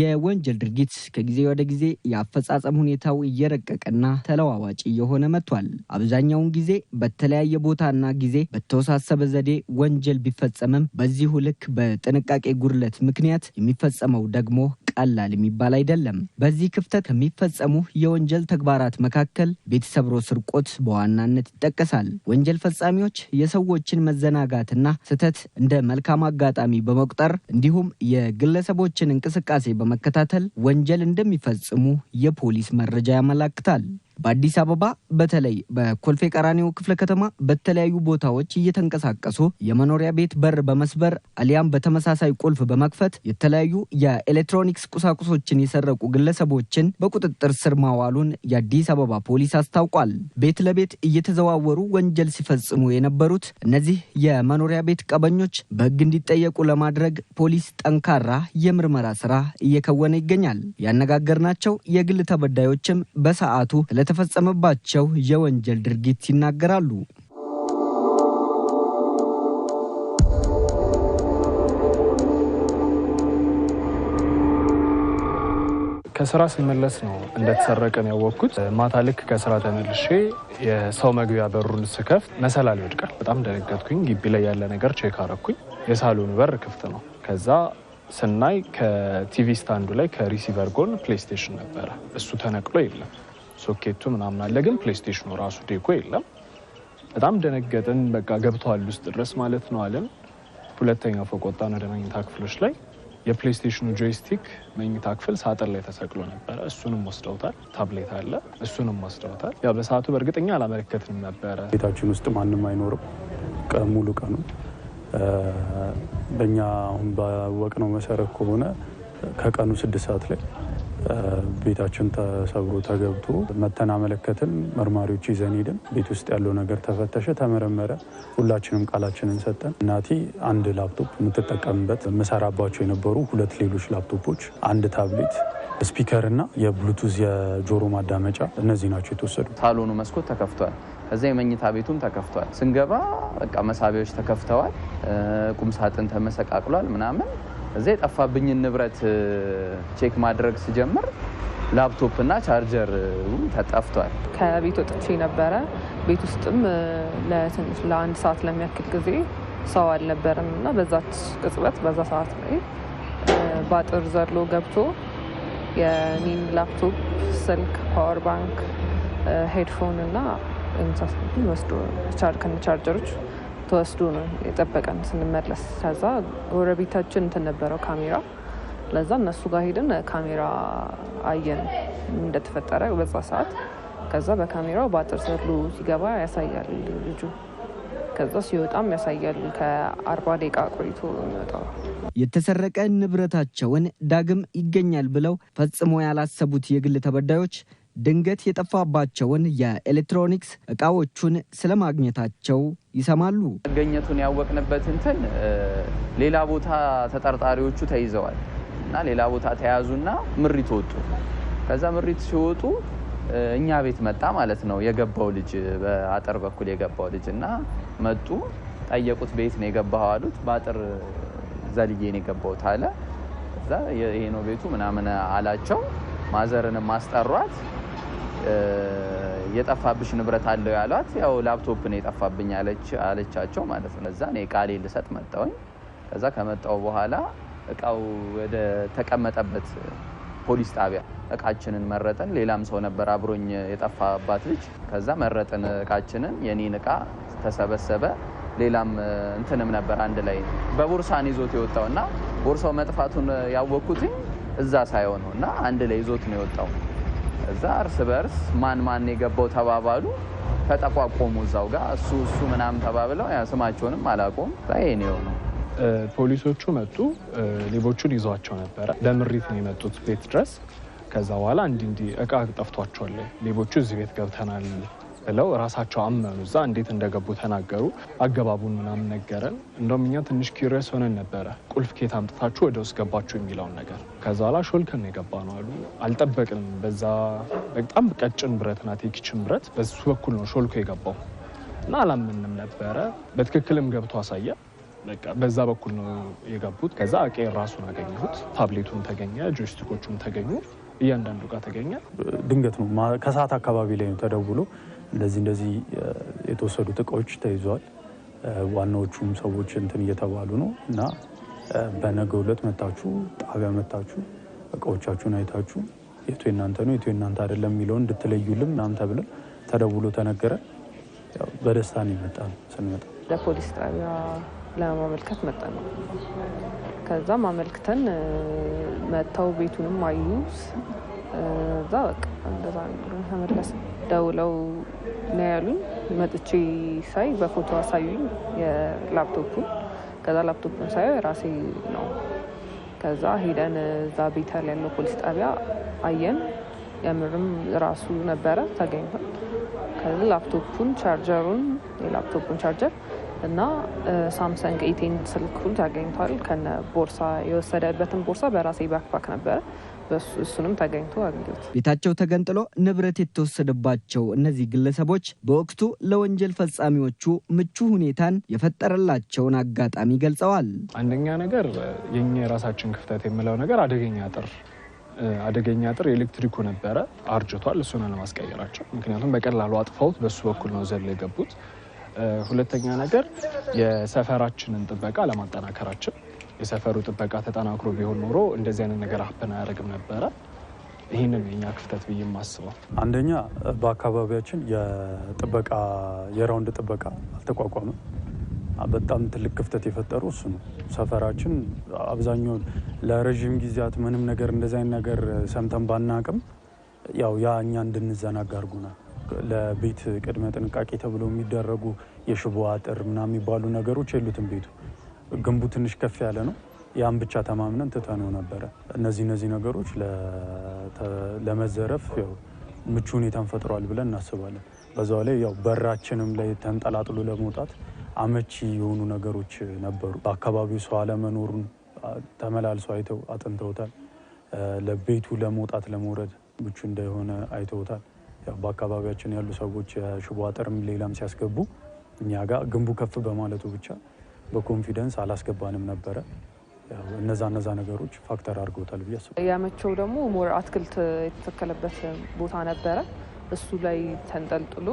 የወንጀል ድርጊት ከጊዜ ወደ ጊዜ የአፈጻጸም ሁኔታው እየረቀቀና ተለዋዋጭ እየሆነ መጥቷል። አብዛኛውን ጊዜ በተለያየ ቦታና ጊዜ በተወሳሰበ ዘዴ ወንጀል ቢፈጸምም በዚሁ ልክ በጥንቃቄ ጉድለት ምክንያት የሚፈጸመው ደግሞ ቀላል የሚባል አይደለም። በዚህ ክፍተት ከሚፈጸሙ የወንጀል ተግባራት መካከል ቤት ሰብሮ ስርቆት በዋናነት ይጠቀሳል። ወንጀል ፈጻሚዎች የሰዎችን መዘናጋትና ስህተት እንደ መልካም አጋጣሚ በመቁጠር እንዲሁም የግለሰቦችን እንቅስቃሴ በመከታተል ወንጀል እንደሚፈጽሙ የፖሊስ መረጃ ያመላክታል። በአዲስ አበባ በተለይ በኮልፌ ቀራኒዮ ክፍለ ከተማ በተለያዩ ቦታዎች እየተንቀሳቀሱ የመኖሪያ ቤት በር በመስበር አሊያም በተመሳሳይ ቁልፍ በመክፈት የተለያዩ የኤሌክትሮኒክስ ቁሳቁሶችን የሰረቁ ግለሰቦችን በቁጥጥር ስር ማዋሉን የአዲስ አበባ ፖሊስ አስታውቋል። ቤት ለቤት እየተዘዋወሩ ወንጀል ሲፈጽሙ የነበሩት እነዚህ የመኖሪያ ቤት ቀበኞች በሕግ እንዲጠየቁ ለማድረግ ፖሊስ ጠንካራ የምርመራ ስራ እየከወነ ይገኛል። ያነጋገርናቸው የግል ተበዳዮችም በሰዓቱ ስለተፈጸመባቸው የወንጀል ድርጊት ይናገራሉ። ከስራ ስመለስ ነው እንደተሰረቀን ያወቅኩት። ማታ ልክ ከስራ ተመልሼ የሰው መግቢያ በሩን ስከፍት መሰላል ይወድቃል። በጣም ደነገጥኩኝ። ግቢ ላይ ያለ ነገር ቼክ አረኩኝ። የሳሎኑ በር ክፍት ነው። ከዛ ስናይ ከቲቪ ስታንዱ ላይ ከሪሲቨር ጎን ፕሌይስቴሽን ነበረ። እሱ ተነቅሎ የለም። ሶኬቱ ምናምን አለ፣ ግን ፕሌስቴሽኑ ራሱ ዴኮ የለም። በጣም ደነገጥን። በቃ ገብተዋል ውስጥ ድረስ ማለት ነው አለን። ሁለተኛ ፎቅ ወጣን ወደ መኝታ ክፍሎች ላይ የፕሌስቴሽኑ ጆይስቲክ መኝታ ክፍል ሳጥን ላይ ተሰቅሎ ነበረ። እሱንም ወስደውታል። ታብሌት አለ፣ እሱንም ወስደውታል። ያ በሰዓቱ በእርግጠኛ አላመለከትንም ነበረ። ቤታችን ውስጥ ማንም አይኖርም ሙሉ ቀኑ። በእኛ አሁን ባወቅነው መሰረት ከሆነ ከቀኑ ስድስት ሰዓት ላይ ቤታችን ተሰብሮ ተገብቶ መተን አመለከትን። መርማሪዎች ይዘን ሄድን። ቤት ውስጥ ያለው ነገር ተፈተሸ፣ ተመረመረ። ሁላችንም ቃላችንን ሰጠን። እናቴ አንድ ላፕቶፕ የምትጠቀምበት ምሰራባቸው የነበሩ ሁለት ሌሎች ላፕቶፖች፣ አንድ ታብሌት፣ ስፒከር እና የብሉቱዝ የጆሮ ማዳመጫ እነዚህ ናቸው የተወሰዱ። ሳሎኑ መስኮት ተከፍቷል። ከዛ የመኝታ ቤቱም ተከፍቷል። ስንገባ በቃ መሳቢያዎች ተከፍተዋል። ቁምሳጥን ተመሰቃቅሏል ምናምን እዚ የጠፋብኝን ንብረት ቼክ ማድረግ ስጀምር ላፕቶፕ እና ቻርጀር ተጠፍቷል። ከቤት ወጥቼ ነበረ። ቤት ውስጥም ለትንሽ ለአንድ ሰዓት ለሚያክል ጊዜ ሰው አልነበረም እና በዛች ቅጽበት በዛ ሰዓት ላይ በአጥር ዘሎ ገብቶ የኔን ላፕቶፕ፣ ስልክ፣ ፓወር ባንክ፣ ሄድፎን እና የመሳሰሉትን ወስዶ ከነ ቻርጀሮች ተወስዶ ነው የጠበቀን ስንመለስ። ከዛ ጎረቤታችን እንትን ነበረው ካሜራ፣ ለዛ እነሱ ጋር ሄድን ካሜራ አየን እንደተፈጠረ በዛ ሰዓት። ከዛ በካሜራው በአጥር ዘሎ ሲገባ ያሳያል ልጁ፣ ከዛ ሲወጣም ያሳያል። ከአርባ ደቂቃ ቆይቶ የሚወጣው የተሰረቀ ንብረታቸውን ዳግም ይገኛል ብለው ፈጽሞ ያላሰቡት የግል ተበዳዮች ድንገት የጠፋባቸውን የኤሌክትሮኒክስ እቃዎቹን ስለማግኘታቸው ይሰማሉ። መገኘቱን ያወቅንበት እንትን ሌላ ቦታ ተጠርጣሪዎቹ ተይዘዋል እና ሌላ ቦታ ተያዙና ምሪት ወጡ። ከዛ ምሪት ሲወጡ እኛ ቤት መጣ ማለት ነው የገባው ልጅ በአጥር በኩል የገባው ልጅ እና መጡ፣ ጠየቁት። ቤት ነው የገባው አሉት። በአጥር ዘልዬ ነው የገባሁት አለ። ከዛ ይሄ ነው ቤቱ ምናምን አላቸው። ማዘርንም ማስጠሯት የጠፋብሽ ንብረት አለው ያሏት፣ ያው ላፕቶፕ ነው የጠፋብኝ አለቻቸው ማለት ነው። እዛ እኔ ቃሌ ልሰጥ መጣውኝ። ከዛ ከመጣው በኋላ እቃው ወደ ተቀመጠበት ፖሊስ ጣቢያ እቃችንን መረጥን። ሌላም ሰው ነበር አብሮኝ የጠፋባት ልጅ። ከዛ መረጥን እቃችንን፣ የኔን እቃ ተሰበሰበ። ሌላም እንትንም ነበር አንድ ላይ በቦርሳን ይዞት የወጣው እና ቦርሳው መጥፋቱን ያወቅኩትኝ እዛ ሳይሆን ነው እና አንድ ላይ ይዞት ነው የወጣው እዛ እርስ በርስ ማን ማን የገባው ተባባሉ። ተጠቋቆሙ እዛው ጋር እሱ እሱ ምናምን ተባብለው ስማቸውንም አላቆም ይሄን የሆነው ፖሊሶቹ መጡ። ሌቦቹን ይዟቸው ነበረ። ለምሪት ነው የመጡት ቤት ድረስ። ከዛ በኋላ እንዲ እንዲ እቃ ጠፍቷቸዋል፣ ሌቦቹ እዚህ ቤት ገብተናል ጥለው ራሳቸው አመኑ። እዛ እንዴት እንደገቡ ተናገሩ። አገባቡን ምናምን ነገረን። እንደውም እኛ ትንሽ ኪሪየስ ሆነን ነበረ፣ ቁልፍ ኬት አምጥታችሁ ወደ ውስጥ ገባችሁ የሚለውን ነገር። ከዛ ላ ሾልከን የገባ ነው አሉ። አልጠበቅንም። በዛ በጣም ቀጭን ብረት ናት የኪችን ብረት፣ በሱ በኩል ነው ሾልኮ የገባው እና አላምንም ነበረ። በትክክልም ገብቶ አሳየ። በቃ በዛ በኩል ነው የገቡት። ከዛ አቄ ራሱን አገኘሁት። ታብሌቱም ተገኘ፣ ጆይስቲኮቹም ተገኙ፣ እያንዳንዱ እቃ ተገኘ። ድንገት ነው ከሰዓት አካባቢ ላይ ነው ተደውሎ እንደዚህ እንደዚህ የተወሰዱት እቃዎች ተይዘዋል። ዋናዎቹም ሰዎች እንትን እየተባሉ ነው እና በነገው ሁለት መታችሁ ጣቢያ መታችሁ እቃዎቻችሁን አይታችሁ የቱ የናንተ ነው የቱ የናንተ አይደለም የሚለውን እንድትለዩልም ምናምን ተብለን ተደውሎ ተነገረ። በደስታ ነው የመጣ ነው። ስንመጣ ለፖሊስ ጣቢያ ለማመልከት መጣ ነው። ከዛም አመልክተን መጥተው ቤቱንም አዩ። እዛ በቃ እንደዛ ተመለስ ደውለው ነው ያሉኝ። መጥቼ ሳይ በፎቶ አሳዩኝ የላፕቶፑ። ከዛ ላፕቶፑን ሳየው የራሴ ነው። ከዛ ሄደን እዛ ቤተል ያለው ፖሊስ ጣቢያ አየን። የምርም ራሱ ነበረ ተገኝቷል። ከዚ ላፕቶፑን፣ ቻርጀሩን የላፕቶፑን ቻርጀር እና ሳምሰንግ ኤቴን ስልኩን ተገኝቷል። ከነ ቦርሳ የወሰደበትን ቦርሳ በራሴ ባክፓክ ነበረ እሱንም ተገኝቶ አግኙት። ቤታቸው ተገንጥሎ ንብረት የተወሰደባቸው እነዚህ ግለሰቦች በወቅቱ ለወንጀል ፈጻሚዎቹ ምቹ ሁኔታን የፈጠረላቸውን አጋጣሚ ገልጸዋል። አንደኛ ነገር የኛ የራሳችን ክፍተት የምለው ነገር አደገኛ አጥር አደገኛ አጥር የኤሌክትሪኩ ነበረ አርጅቷል። እሱን አለማስቀየራቸው ምክንያቱም በቀላሉ አጥፋውት በሱ በኩል ነው ዘሎ የገቡት። ሁለተኛ ነገር የሰፈራችንን ጥበቃ ለማጠናከራችን። የሰፈሩ ጥበቃ ተጠናክሮ ቢሆን ኖሮ እንደዚህ አይነት ነገር አፕን አያደርግም ነበረ። ይህንን የኛ ክፍተት ብዬ የማስበው አንደኛ በአካባቢያችን የጥበቃ የራውንድ ጥበቃ አልተቋቋመም። በጣም ትልቅ ክፍተት የፈጠሩ እሱ ነው። ሰፈራችን አብዛኛውን ለረዥም ጊዜያት ምንም ነገር እንደዚ አይነት ነገር ሰምተን ባናቅም ያው ያ እኛ እንድንዘናጋ አድርጎናል። ለቤት ቅድመ ጥንቃቄ ተብሎ የሚደረጉ የሽቦ አጥር ምናምን የሚባሉ ነገሮች የሉትም ቤቱ ግንቡ ትንሽ ከፍ ያለ ነው። ያን ብቻ ተማምነን ትተነው ነበረ። እነዚህ እነዚህ ነገሮች ለመዘረፍ ምቹ ሁኔታን ፈጥሯል ብለን እናስባለን። በዛው ላይ ያው በራችንም ላይ ተንጠላጥሎ ለመውጣት አመቺ የሆኑ ነገሮች ነበሩ። በአካባቢው ሰው አለመኖሩን ተመላልሶ አይተው አጥንተውታል። ለቤቱ ለመውጣት ለመውረድ ምቹ እንደሆነ አይተውታል። በአካባቢያችን ያሉ ሰዎች የሽቦ አጥርም ሌላም ሲያስገቡ እኛ ጋር ግንቡ ከፍ በማለቱ ብቻ በኮንፊደንስ አላስገባንም ነበረ። እነዛ እነዛ ነገሮች ፋክተር አድርገውታል ብዬ አስባለሁ። ያመቸው ደግሞ ሞር አትክልት የተተከለበት ቦታ ነበረ። እሱ ላይ ተንጠልጥሎ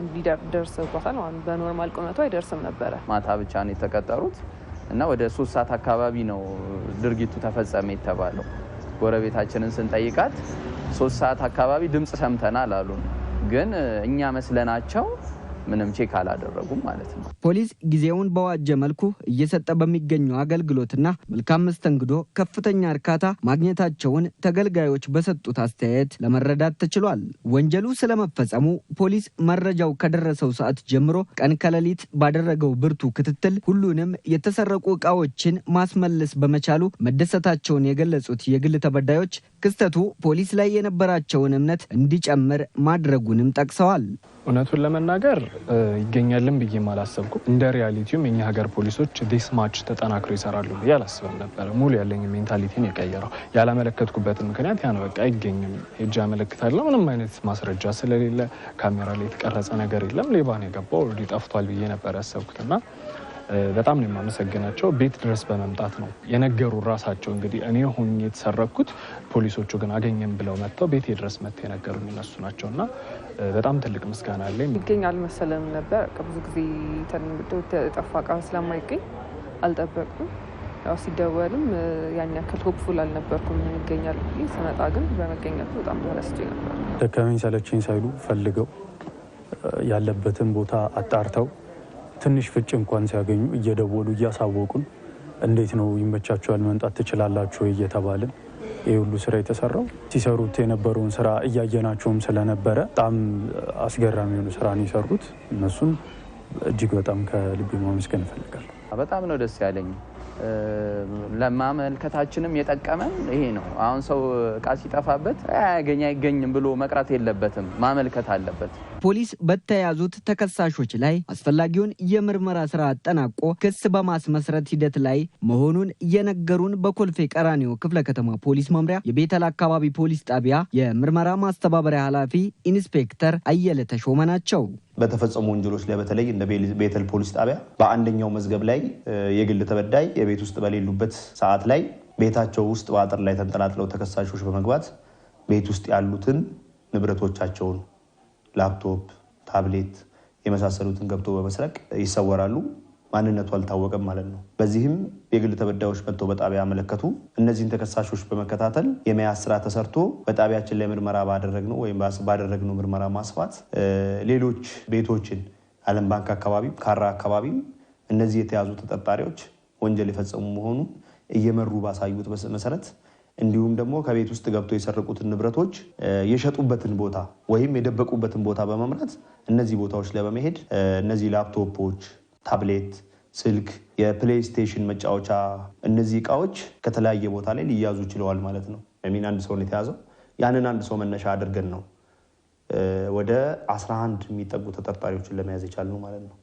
እንዲደርስበታል ማለት በኖርማል ቁመቱ አይደርስም ነበረ። ማታ ብቻ ነው የተቀጠሩት እና ወደ ሶስት ሰዓት አካባቢ ነው ድርጊቱ ተፈጸመ የተባለው። ጎረቤታችንን ስንጠይቃት ሶስት ሰዓት አካባቢ ድምፅ ሰምተናል አሉን። ግን እኛ መስለናቸው ምንም ቼክ አላደረጉም ማለት ነው። ፖሊስ ጊዜውን በዋጀ መልኩ እየሰጠ በሚገኘው አገልግሎትና መልካም መስተንግዶ ከፍተኛ እርካታ ማግኘታቸውን ተገልጋዮች በሰጡት አስተያየት ለመረዳት ተችሏል። ወንጀሉ ስለመፈጸሙ ፖሊስ መረጃው ከደረሰው ሰዓት ጀምሮ ቀን ከሌሊት ባደረገው ብርቱ ክትትል ሁሉንም የተሰረቁ እቃዎችን ማስመለስ በመቻሉ መደሰታቸውን የገለጹት የግል ተበዳዮች ክስተቱ ፖሊስ ላይ የነበራቸውን እምነት እንዲጨምር ማድረጉንም ጠቅሰዋል። እውነቱን ለመናገር ይገኛልን ብዬ አላሰብኩም። እንደ ሪያሊቲውም የኛ ሀገር ፖሊሶች ዲስ ማች ተጠናክሮ ይሰራሉ ብዬ አላስብም ነበረ። ሙሉ ያለኝ ሜንታሊቲን የቀየረው ያላመለከትኩበትን ምክንያት ያን በቃ አይገኝም ሄጄ አመለክታለሁ። ምንም አይነት ማስረጃ ስለሌለ ካሜራ ላይ የተቀረጸ ነገር የለም። ሌባን የገባው ሊጠፍቷል ብዬ ነበር ያሰብኩትና በጣም ነው የማመሰግናቸው። ቤት ድረስ በመምጣት ነው የነገሩ ራሳቸው እንግዲህ እኔ ሆኜ የተሰረኩት ፖሊሶቹ ግን አገኘም ብለው መጥተው ቤት ድረስ መጥተው የነገሩ የሚነሱ ናቸው እና በጣም ትልቅ ምስጋና አለኝ። ይገኝ አልመሰለም ነበር ብዙ ጊዜ ጠፋ ቃ ስለማይገኝ አልጠበቅም ያው ሲደወልም ያን ያክል ሆፕፉል አልነበርኩም ይገኛል ብዬ ስመጣ ግን በመገኘቱ በጣም ተደስቼ ነበር። ደከመኝ ሰለቸኝ ሳይሉ ፈልገው ያለበትን ቦታ አጣርተው ትንሽ ፍጭ እንኳን ሲያገኙ እየደወሉ እያሳወቁን እንዴት ነው ይመቻችኋል፣ መምጣት ትችላላችሁ እየተባልን ይህ ሁሉ ስራ የተሰራው ሲሰሩት የነበረውን ስራ እያየናቸውም ስለነበረ በጣም አስገራሚ የሆኑ ስራ ነው የሰሩት። እነሱን እጅግ በጣም ከልቤ ማመስገን ይፈልጋል። በጣም ነው ደስ ያለኝ። ለማመልከታችንም የጠቀመን ይሄ ነው። አሁን ሰው እቃ ሲጠፋበት አያገኝ አይገኝም ብሎ መቅረት የለበትም፣ ማመልከት አለበት። ፖሊስ በተያዙት ተከሳሾች ላይ አስፈላጊውን የምርመራ ስራ አጠናቆ ክስ በማስመስረት ሂደት ላይ መሆኑን የነገሩን በኮልፌ ቀራኒዮ ክፍለ ከተማ ፖሊስ መምሪያ የቤተል አካባቢ ፖሊስ ጣቢያ የምርመራ ማስተባበሪያ ኃላፊ ኢንስፔክተር አየለ ተሾመ ናቸው። በተፈጸሙ ወንጀሎች ላይ በተለይ እንደ ቤተል ፖሊስ ጣቢያ በአንደኛው መዝገብ ላይ የግል ተበዳይ የቤት ውስጥ በሌሉበት ሰዓት ላይ ቤታቸው ውስጥ በአጥር ላይ ተንጠላጥለው ተከሳሾች በመግባት ቤት ውስጥ ያሉትን ንብረቶቻቸውን ላፕቶፕ፣ ታብሌት የመሳሰሉትን ገብቶ በመስረቅ ይሰወራሉ። ማንነቱ አልታወቀም ማለት ነው። በዚህም የግል ተበዳዮች መጥተው በጣቢያ መለከቱ እነዚህን ተከሳሾች በመከታተል የመያዝ ስራ ተሰርቶ በጣቢያችን ላይ ምርመራ ባደረግነው ወይም ባደረግነው ምርመራ ማስፋት ሌሎች ቤቶችን ዓለም ባንክ አካባቢም ካራ አካባቢም እነዚህ የተያዙ ተጠርጣሪዎች ወንጀል የፈጸሙ መሆኑን እየመሩ ባሳዩት መሰረት እንዲሁም ደግሞ ከቤት ውስጥ ገብቶ የሰረቁትን ንብረቶች የሸጡበትን ቦታ ወይም የደበቁበትን ቦታ በመምራት እነዚህ ቦታዎች ላይ በመሄድ እነዚህ ላፕቶፖች፣ ታብሌት፣ ስልክ፣ የፕሌይስቴሽን መጫወቻ እነዚህ እቃዎች ከተለያየ ቦታ ላይ ሊያዙ ችለዋል ማለት ነው። ሚን አንድ ሰው የተያዘው ያንን አንድ ሰው መነሻ አድርገን ነው ወደ 11 የሚጠጉ ተጠርጣሪዎችን ለመያዝ የቻልነው ማለት ነው።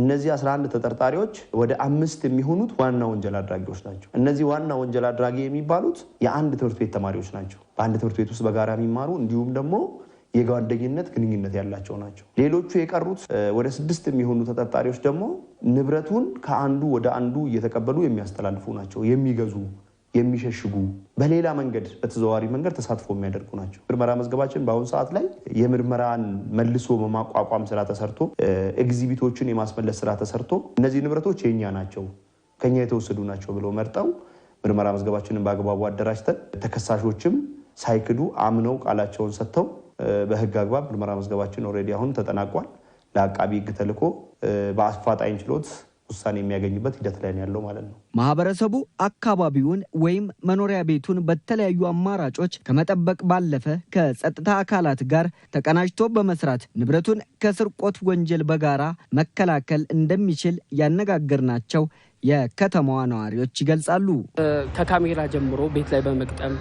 እነዚህ 11 ተጠርጣሪዎች ወደ አምስት የሚሆኑት ዋና ወንጀል አድራጊዎች ናቸው። እነዚህ ዋና ወንጀል አድራጊ የሚባሉት የአንድ ትምህርት ቤት ተማሪዎች ናቸው። በአንድ ትምህርት ቤት ውስጥ በጋራ የሚማሩ እንዲሁም ደግሞ የጓደኝነት ግንኙነት ያላቸው ናቸው። ሌሎቹ የቀሩት ወደ ስድስት የሚሆኑ ተጠርጣሪዎች ደግሞ ንብረቱን ከአንዱ ወደ አንዱ እየተቀበሉ የሚያስተላልፉ ናቸው የሚገዙ የሚሸሽጉ በሌላ መንገድ በተዘዋዋሪ መንገድ ተሳትፎ የሚያደርጉ ናቸው። ምርመራ መዝገባችን በአሁኑ ሰዓት ላይ የምርመራን መልሶ በማቋቋም ስራ ተሰርቶ ኤግዚቢቶችን የማስመለስ ስራ ተሰርቶ እነዚህ ንብረቶች የኛ ናቸው ከኛ የተወሰዱ ናቸው ብለው መርጠው ምርመራ መዝገባችንን በአግባቡ አደራጅተን ተከሳሾችም ሳይክዱ አምነው ቃላቸውን ሰጥተው በህግ አግባብ ምርመራ መዝገባችን ኦልሬዲ አሁን ተጠናቋል። ለአቃቢ ህግ ተልኮ በአፋጣኝ ችሎት ውሳኔ የሚያገኝበት ሂደት ላይ ነው ያለው ማለት ነው። ማህበረሰቡ አካባቢውን ወይም መኖሪያ ቤቱን በተለያዩ አማራጮች ከመጠበቅ ባለፈ ከጸጥታ አካላት ጋር ተቀናጅቶ በመስራት ንብረቱን ከስርቆት ወንጀል በጋራ መከላከል እንደሚችል ያነጋገርናቸው የከተማዋ ነዋሪዎች ይገልጻሉ። ከካሜራ ጀምሮ ቤት ላይ በመግጠም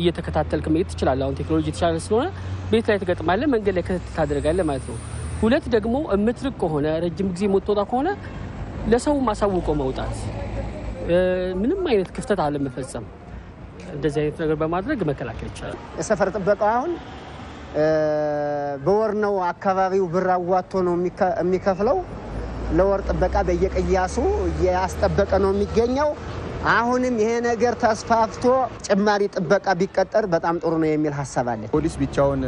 እየተከታተልክ መሄድ ትችላለህ። አሁን ቴክኖሎጂ የተሻለ ስለሆነ ቤት ላይ ትገጥማለህ፣ መንገድ ላይ ክትትል ታደርጋለህ ማለት ነው። ሁለት ደግሞ የምትርቅ ከሆነ ረጅም ጊዜ የምትወጣ ከሆነ ለሰው ማሳውቆ መውጣት፣ ምንም አይነት ክፍተት አለመፈጸም፣ እንደዚህ አይነት ነገር በማድረግ መከላከል ይቻላል። የሰፈር ጥበቃው አሁን በወር ነው አካባቢው ብር አዋቶ ነው የሚከፍለው። ለወር ጥበቃ በየቅያሱ እያስጠበቀ ነው የሚገኘው። አሁንም ይሄ ነገር ተስፋፍቶ ጭማሪ ጥበቃ ቢቀጠር በጣም ጥሩ ነው የሚል ሀሳብ አለ። ፖሊስ ብቻውን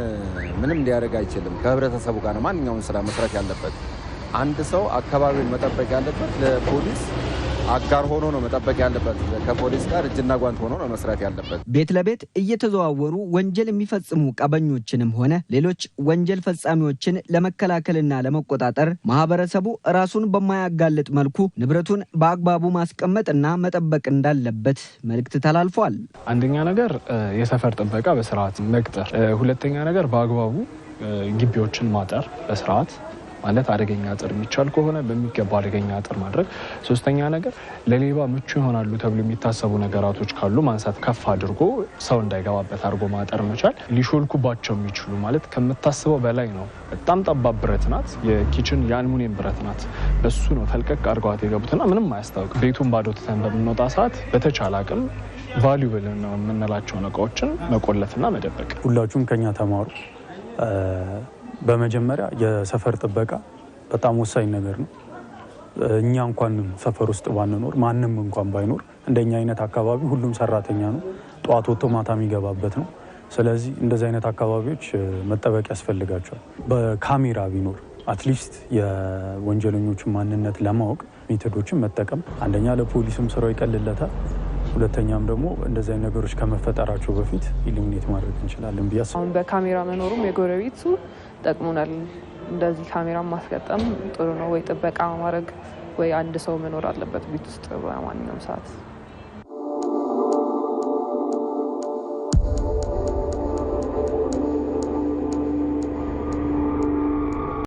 ምንም ሊያደርግ አይችልም። ከህብረተሰቡ ጋር ነው ማንኛውም ስራ መስራት ያለበት። አንድ ሰው አካባቢውን መጠበቅ ያለበት ለፖሊስ አጋር ሆኖ ነው መጠበቅ ያለበት። ከፖሊስ ጋር እጅና ጓንት ሆኖ ነው መስራት ያለበት። ቤት ለቤት እየተዘዋወሩ ወንጀል የሚፈጽሙ ቀበኞችንም ሆነ ሌሎች ወንጀል ፈጻሚዎችን ለመከላከልና ለመቆጣጠር ማህበረሰቡ ራሱን በማያጋልጥ መልኩ ንብረቱን በአግባቡ ማስቀመጥና መጠበቅ እንዳለበት መልእክት ተላልፏል። አንደኛ ነገር የሰፈር ጥበቃ በስርዓት መቅጠር፣ ሁለተኛ ነገር በአግባቡ ግቢዎችን ማጠር በስርዓት ማለት አደገኛ አጥር የሚቻል ከሆነ በሚገባ አደገኛ አጥር ማድረግ። ሶስተኛ ነገር ለሌባ ምቹ ይሆናሉ ተብሎ የሚታሰቡ ነገራቶች ካሉ ማንሳት፣ ከፍ አድርጎ ሰው እንዳይገባበት አድርጎ ማጠር መቻል። ሊሾልኩባቸው የሚችሉ ማለት ከምታስበው በላይ ነው። በጣም ጠባብ ብረት ናት፣ የኪችን የአልሙኒየም ብረት ናት። በሱ ነው ተልቀቅ አድርገዋት የገቡትና ምንም አያስታውቅ። ቤቱን ባዶ ትተን በምንወጣ ሰዓት በተቻለ አቅም ቫሊዩብል ነው የምንላቸውን እቃዎችን መቆለፍና መደበቅ። ሁላችሁም ከኛ ተማሩ። በመጀመሪያ የሰፈር ጥበቃ በጣም ወሳኝ ነገር ነው። እኛ እንኳን ሰፈር ውስጥ ባንኖር ማንም እንኳን ባይኖር እንደኛ አይነት አካባቢ ሁሉም ሰራተኛ ነው፣ ጠዋት ወጥቶ ማታ የሚገባበት ነው። ስለዚህ እንደዚህ አይነት አካባቢዎች መጠበቅ ያስፈልጋቸዋል። በካሜራ ቢኖር አትሊስት የወንጀለኞችን ማንነት ለማወቅ ሜቶዶችን መጠቀም አንደኛ ለፖሊስም ስራው ይቀልለታል፣ ሁለተኛም ደግሞ እንደዚህ አይነት ነገሮች ከመፈጠራቸው በፊት ኢሊሚኔት ማድረግ እንችላለን ብያስ አሁን በካሜራ መኖሩም የጎረቤቱ ጠቅሙናል እንደዚህ ካሜራ ማስገጠም ጥሩ ነው ወይ ጥበቃ ማድረግ ወይ አንድ ሰው መኖር አለበት ቤት ውስጥ በማንኛውም ሰዓት